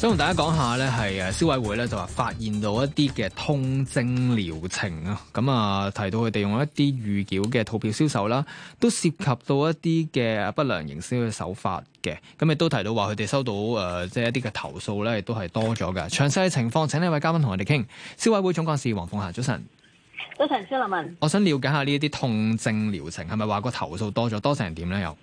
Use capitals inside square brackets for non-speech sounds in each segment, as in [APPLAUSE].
想同大家講下咧，係誒消委會咧就話發現到一啲嘅痛症療程啊，咁啊、呃、提到佢哋用一啲預繳嘅套票銷售啦，都涉及到一啲嘅不良營銷嘅手法嘅，咁亦都提到話佢哋收到誒、呃、即係一啲嘅投訴咧，亦都係多咗嘅。詳細嘅情況請呢位嘉賓同我哋傾。消委會總幹事黃鳳嫺，早晨。早晨，肖立文。我想了解下呢一啲痛症療程係咪話個投訴多咗多成點咧？又？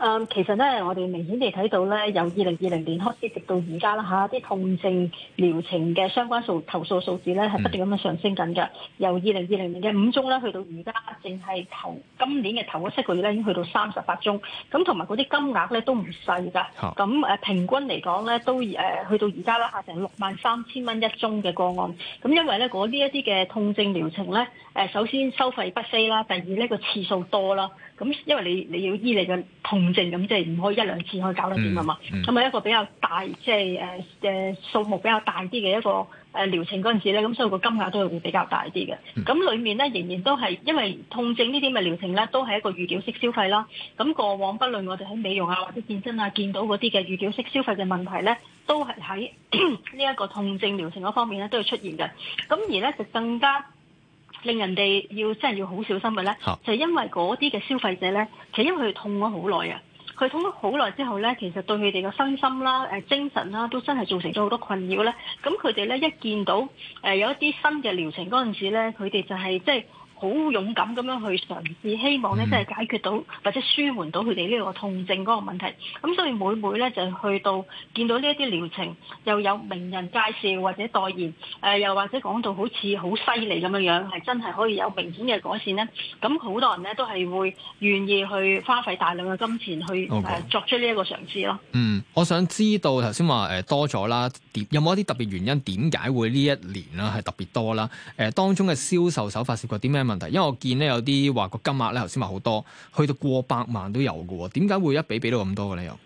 誒，um, 其實咧，我哋明顯地睇到咧，由二零二零年開始，直到而家啦嚇，啲、啊、痛症療程嘅相關數投訴數字咧，係不斷咁樣上升緊嘅。由二零二零年嘅五宗咧，去到而家，淨係投今年嘅頭嗰七個月咧，已經去到三十八宗。咁同埋嗰啲金額咧都唔細㗎。咁、嗯、誒、啊、平均嚟講咧，都誒去、呃、到而家啦嚇，成六萬三千蚊一宗嘅個案。咁、嗯、因為咧，嗰呢一啲嘅痛症療程咧，誒首先收費不菲啦，第二呢個次數多啦。咁因為你你要醫你嘅痛症，咁即係唔可以一兩次可以搞得掂啊嘛。咁啊、嗯嗯、一個比較大，即係誒誒數目比較大啲嘅一個誒療程嗰陣時咧，咁、嗯、所以個金額都係會比較大啲嘅。咁裡面咧仍然都係因為痛症呢啲嘅療程咧，都係一個預繳式消費啦。咁、那、過、個、往不論我哋喺美容啊或者健身啊見到嗰啲嘅預繳式消費嘅問題咧，都係喺呢一個痛症療程嗰方面咧都會出現嘅。咁而咧就更加。令人哋要真係要好小心嘅咧，就係因為嗰啲嘅消費者咧，其實因為佢痛咗好耐啊，佢痛咗好耐之後咧，其實對佢哋嘅身心啦、誒精神啦，都真係造成咗好多困擾咧。咁佢哋咧一見到誒有一啲新嘅療程嗰陣時咧，佢哋就係即係。即係好勇敢咁樣去嘗試，希望咧真係解決到或者舒緩到佢哋呢個痛症嗰個問題。咁所以每每咧就去到見到呢一啲療程，又有名人介紹或者代言，誒又或者講到好似好犀利咁樣樣，係真係可以有明顯嘅改善咧。咁好多人咧都係會願意去花費大量嘅金錢去誒作出呢一個嘗試咯。Okay. 嗯，我想知道頭先話誒多咗啦，點有冇一啲特別原因點解會呢一年啦係特別多啦？誒當中嘅銷售手法涉及啲咩？問題，因為我見咧有啲話個金額咧，頭先話好多，去到過百萬都有嘅，點解會一比比到咁多嘅咧？又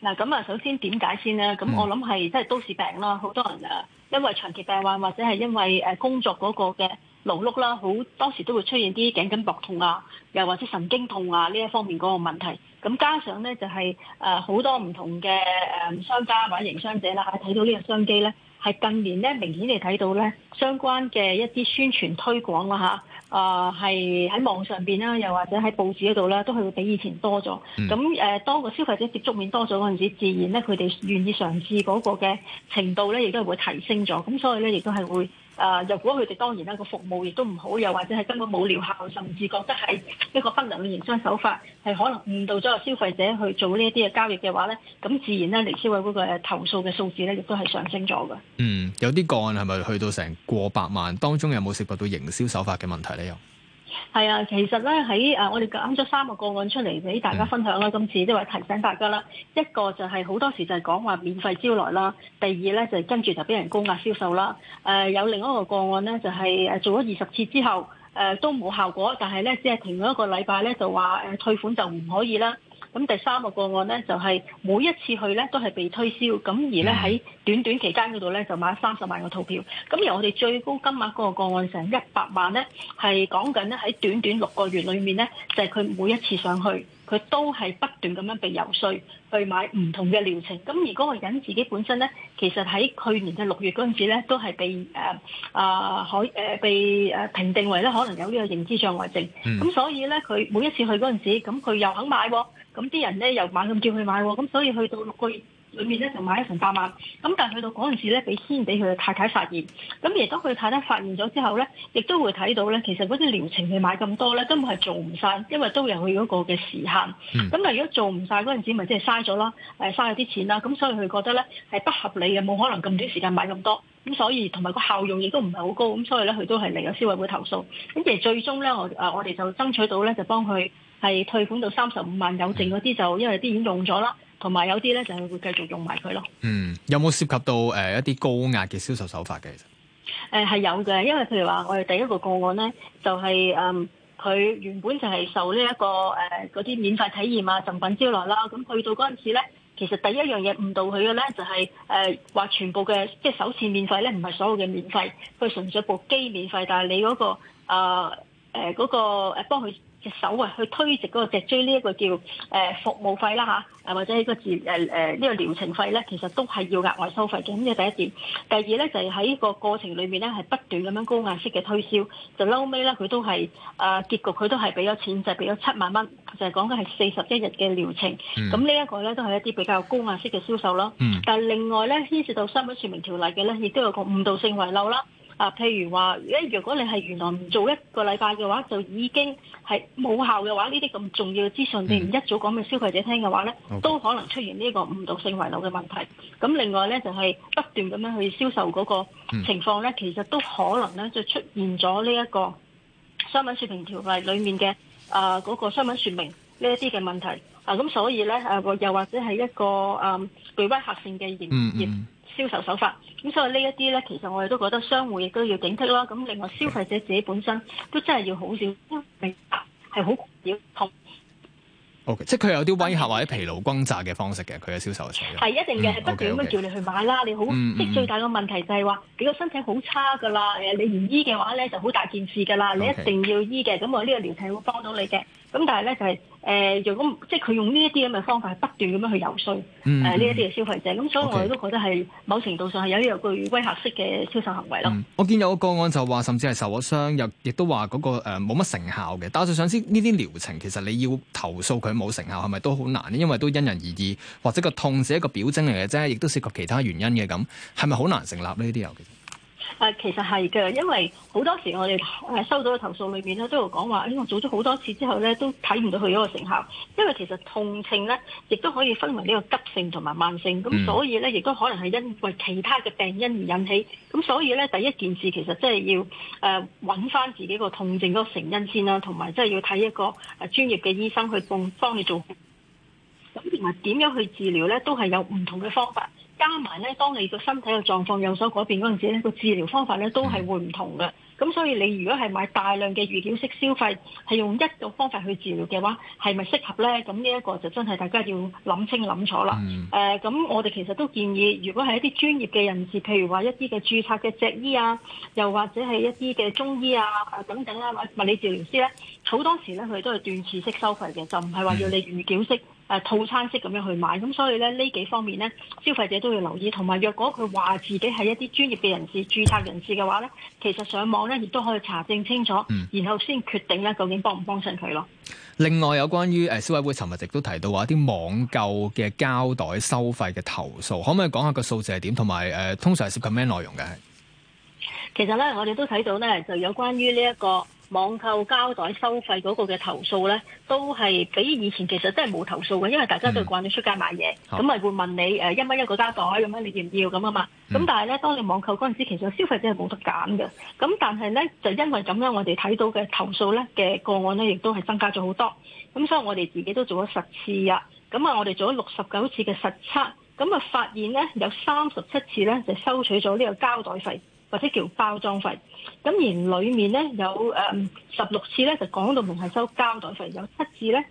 嗱，咁啊，首先點解先咧？咁我諗係即係都市病啦，好多人啊，因為長期病患或者係因為誒工作嗰個嘅勞碌啦，好多時都會出現啲頸肩膊痛啊，又或者神經痛啊呢一方面嗰個問題。咁加上咧就係誒好多唔同嘅誒商家或者營商者啦，睇到呢個商機咧，係近年咧明顯地睇到咧相關嘅一啲宣傳推廣啦吓。啊，係喺、uh, 網上邊啦，又或者喺報紙嗰度啦，都係會比以前多咗。咁誒，當個消費者接觸面多咗嗰陣時，自然咧佢哋願意嘗試嗰個嘅程度咧，亦都係會提升咗。咁所以咧，亦都係會。誒、呃、又估佢哋當然啦，個服務亦都唔好，又或者係根本冇療效，甚至覺得係一個不良嘅營銷手法，係可能誤導咗個消費者去做呢一啲嘅交易嘅話咧，咁自然咧，銀消委嗰個誒投訴嘅數字咧，亦都係上升咗嘅。嗯，有啲個案係咪去到成過百萬？當中有冇涉及到營銷手法嘅問題咧？又？係啊，其實咧喺誒，我哋揀咗三個個案出嚟俾大家分享啦。今次即係提醒大家啦，一個就係好多時就係講話免費招來啦，第二咧就係、是、跟住就俾人高壓銷售啦。誒、呃，有另一個個，個案咧，就係、是、誒做咗二十次之後，誒、呃、都冇效果，但係咧只係停咗一個禮拜咧，就話誒退款就唔可以啦。咁第三個個案咧，就係每一次去咧都係被推銷，咁而咧喺短短期間嗰度咧就買三十萬個套票，咁而我哋最高金額嗰個個案成一百萬咧，係講緊咧喺短短六個月裏面咧就係佢每一次上去。佢都係不斷咁樣被游說去買唔同嘅療程，咁如果個人自己本身咧，其實喺去年嘅六月嗰陣時咧，都係被誒啊、呃呃，可誒、呃、被誒評定為咧可能有呢個認知障礙症，咁、嗯、所以咧佢每一次去嗰陣時，咁佢又肯買喎，咁啲人咧又猛咁叫佢買喎，咁所以去到六個月。裏面咧就買一成百萬，咁但係去到嗰陣時咧，俾先俾佢嘅太太發現，咁而家佢太太發現咗之後咧，亦都會睇到咧，其實嗰啲療程你買咁多咧，根本係做唔晒，因為都有佢嗰個嘅時限。咁但係如果做唔晒嗰陣時，咪即係嘥咗啦，誒嘥咗啲錢啦。咁所以佢覺得咧係不合理嘅，冇可能咁短時間買咁多。咁所以同埋個效用亦都唔係好高。咁所以咧，佢都係嚟咗消委會投訴。咁其實最終咧，我誒我哋就爭取到咧，就幫佢係退款到三十五萬，有剩嗰啲就因為啲已經用咗啦。同埋有啲咧就係會繼續用埋佢咯。嗯，有冇涉及到誒、呃、一啲高壓嘅銷售手法嘅其實？誒係、呃、有嘅，因為譬如話我哋第一個個案咧，就係誒佢原本就係受呢、這、一個誒嗰啲免費體驗啊贈品招來啦。咁去到嗰陣時咧，其實第一樣嘢誤導佢嘅咧就係誒話全部嘅即係首次免費咧，唔係所有嘅免費，佢純粹部機免費，但係你嗰、那個啊誒嗰個誒幫佢隻手啊，去推直嗰個脊椎呢一個叫誒、呃、服務費啦嚇，啊或者呢、這個治誒誒呢個療程費咧，其實都係要額外收費嘅。咁就第一點，第二咧就係喺呢個過程裏面咧係不斷咁樣高壓式嘅推銷，就嬲尾咧佢都係啊、呃、結局佢都係俾咗錢，就係俾咗七萬蚊，就係講緊係四十一日嘅療程。咁、嗯、呢一個咧都係一啲比較高壓式嘅銷售咯。嗯、但係另外咧牽涉到商品說明條例嘅咧，亦都有個誤導性遺漏啦。啊，譬如話，如果你係原來唔做一個禮拜嘅話，就已經係冇效嘅話，呢啲咁重要嘅資訊，你唔一早講俾消費者聽嘅話呢、mm hmm. 都可能出現呢一個誤導性遺漏嘅問題。咁另外呢，就係、是、不斷咁樣去銷售嗰個情況呢、mm hmm. 其實都可能呢就出現咗呢一個商品説明條例裡面嘅啊嗰個商品説明呢一啲嘅問題。啊，咁所以呢，誒、呃、又或者係一個啊，具威嚇性嘅營業。Mm hmm. 銷售手法咁，所以呢一啲咧，其實我哋都覺得商戶亦都要警惕啦。咁另外，消費者自己本身都真係要好少明白，係好少痛。Okay, 即係佢有啲威嚇或者疲勞轟炸嘅方式嘅佢嘅銷售策略係一定嘅，係、嗯 okay, 不斷咁叫你去買啦。你好，即係、嗯嗯嗯、最大嘅問題就係話你個身體好差㗎啦。誒，你唔醫嘅話咧就好大件事㗎啦。Okay. 你一定要醫嘅咁，我呢個療程會幫到你嘅。咁但係咧就係、是、誒，如、呃、果即係佢用呢一啲咁嘅方法，係不斷咁樣去遊說誒呢一啲嘅消費者。咁、嗯、所以我哋都覺得係某程度上係有啲有句威嚇式嘅銷售行為咯、嗯。我見有個個案就話甚至係受咗傷，又亦都話嗰、那個誒冇乜成效嘅。但我就想知呢啲療程其實你要投訴佢冇成效，係咪都好難呢？因為都因人而異，或者個痛只係一個表徵嚟嘅啫，亦都涉及其他原因嘅。咁係咪好難成立呢啲又？誒其實係嘅，因為好多時我哋誒收到嘅投訴裏面咧，都有講話，呢個做咗好多次之後咧，都睇唔到佢嗰個成效。因為其實痛症咧，亦都可以分為呢個急性同埋慢性，咁所以咧，亦都可能係因為其他嘅病因而引起。咁所以咧，第一件事其實即係要誒搵返自己個痛症嗰個成因先啦，同埋即係要睇一個誒專業嘅醫生去幫幫你做。咁，同埋點樣去治療咧，都係有唔同嘅方法。加埋咧，當你個身體嘅狀況有所改變嗰陣時咧，個治療方法咧都係會唔同嘅。咁所以你如果係買大量嘅預繳式消費，係用一個方法去治療嘅話，係咪適合咧？咁呢一個就真係大家要諗清諗楚啦。誒、mm，咁、hmm. 呃、我哋其實都建議，如果係一啲專業嘅人士，譬如話一啲嘅註冊嘅脊醫啊，又或者係一啲嘅中醫啊，啊等等啦、啊，物理治療師咧，好多時咧佢哋都係斷次式收費嘅，就唔係話要你預繳式。Mm hmm. 誒、啊、套餐式咁樣去買，咁所以咧呢幾方面呢，消費者都要留意。同埋若果佢話自己係一啲專業嘅人士、註冊人士嘅話呢，其實上網呢，亦都可以查證清楚，然後先決定咧究竟幫唔幫襯佢咯。另外有關於誒、呃、消委會尋日亦都提到話啲網購嘅膠袋收費嘅投訴，可唔可以講下個數字係點？同埋誒通常係涉及咩內容嘅？其實呢，我哋都睇到呢，就有關於呢一個。網購膠袋收費嗰個嘅投訴呢，都係比以前其實真係冇投訴嘅，因為大家都慣咗出街買嘢，咁咪、嗯、會問你誒一蚊一個膠袋咁樣，你要唔要咁啊嘛？咁、嗯、但係呢，當你網購嗰陣時，其實消費者係冇得揀嘅。咁但係呢，就因為咁樣，我哋睇到嘅投訴呢嘅個案呢，亦都係增加咗好多。咁所以我哋自己都做咗十次啊，咁啊，我哋做咗六十九次嘅實測，咁啊發現呢，有三十七次呢，就收取咗呢個膠袋費。或者叫包裝費，咁而裏面咧有誒十六次咧就講到唔係收膠袋費，有七、呃、次咧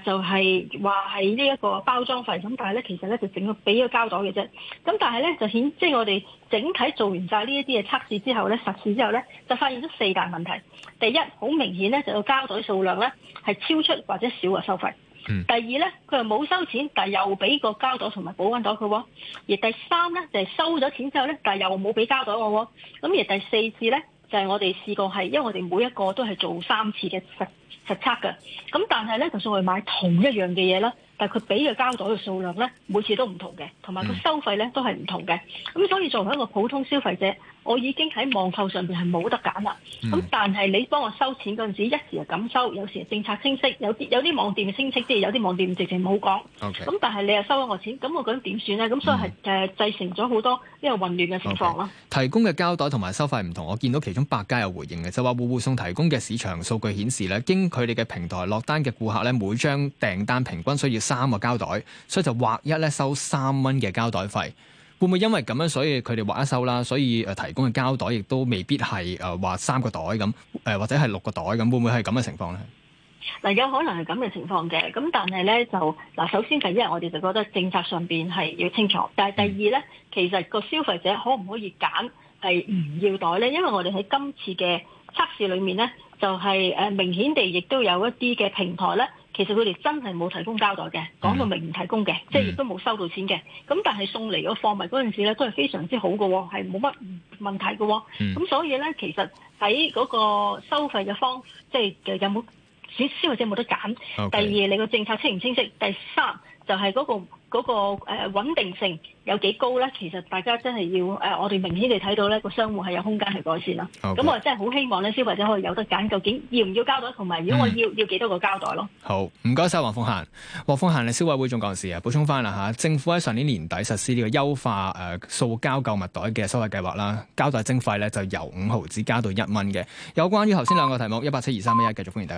誒就係話係呢一個包裝費，咁但係咧其實咧就整個俾咗膠袋嘅啫，咁但係咧就顯即係、就是、我哋整體做完晒呢一啲嘅測試之後咧，實試之後咧就發現咗四大問題，第一好明顯咧就膠袋數量咧係超出或者少嘅收費。 [NOISE] 第二咧，佢又冇收錢，但係又俾個膠袋同埋保温袋佢喎。而第三咧就係、是、收咗錢之後咧，但係又冇俾膠袋我喎。咁而，而第四次咧就係、是、我哋試過係，因為我哋每一個都係做三次嘅。實測嘅，咁但係咧，就算我買同一樣嘅嘢啦，但係佢俾嘅膠袋嘅數量咧，每次都唔同嘅，同埋個收費咧都係唔同嘅。咁所以作為一個普通消費者，我已經喺網購上邊係冇得揀啦。咁但係你幫我收錢嗰陣時，一時又咁收，有時政策清晰，有啲有啲網店嘅清晰即係，有啲網店直情唔好講。咁但係你又收咗我錢，咁我覺得點算咧？咁所以係誒製成咗好多呢個混亂嘅情況咯。提供嘅膠袋同埋收費唔同，我見到其中百佳有回應嘅，就話戶戶送提供嘅市場數據顯示咧，經佢哋嘅平台落單嘅顧客呢，每張訂單平均需要三個膠袋，所以就劃一呢收三蚊嘅膠袋費。會唔會因為咁樣，所以佢哋劃一收啦？所以誒，提供嘅膠袋亦都未必係誒話三個袋咁，誒或者係六個袋咁，會唔會係咁嘅情況呢？嗱，有可能係咁嘅情況嘅，咁但係呢就嗱，首先第一，我哋就覺得政策上面係要清楚，但係第二呢，其實個消費者可唔可以揀係唔要袋呢？因為我哋喺今次嘅測試裏面呢。就係、是、誒、呃、明顯地，亦都有一啲嘅平台咧，其實佢哋真係冇提供交代嘅，講到明唔提供嘅，即係亦都冇收到錢嘅。咁但係送嚟個貨物嗰陣時咧，都係非常之好嘅，係冇乜問題嘅。咁、嗯嗯、所以咧，其實喺嗰個收費嘅方，即係嘅有冇消費者冇得揀。Okay. 第二，你個政策清唔清晰？第三，就係、是、嗰、那個。嗰、那個誒、呃、穩定性有幾高咧？其實大家真係要誒、呃，我哋明顯地睇到咧，個商戶係有空間去改善啦。咁我真係好希望咧，消費者可以有得揀，究竟要唔要膠袋，同埋如果我要，要幾多個膠袋咯？好，唔該晒，黃鳳嫺，黃鳳嫺你消委會總幹事啊，補充翻啦嚇，政府喺上年年底實施呢個優化誒、呃、塑膠購物袋嘅收費計劃啦，膠袋徵費咧就由五毫子加到一蚊嘅。有關於頭先兩個題目，一八七二三一一，繼續歡迎大。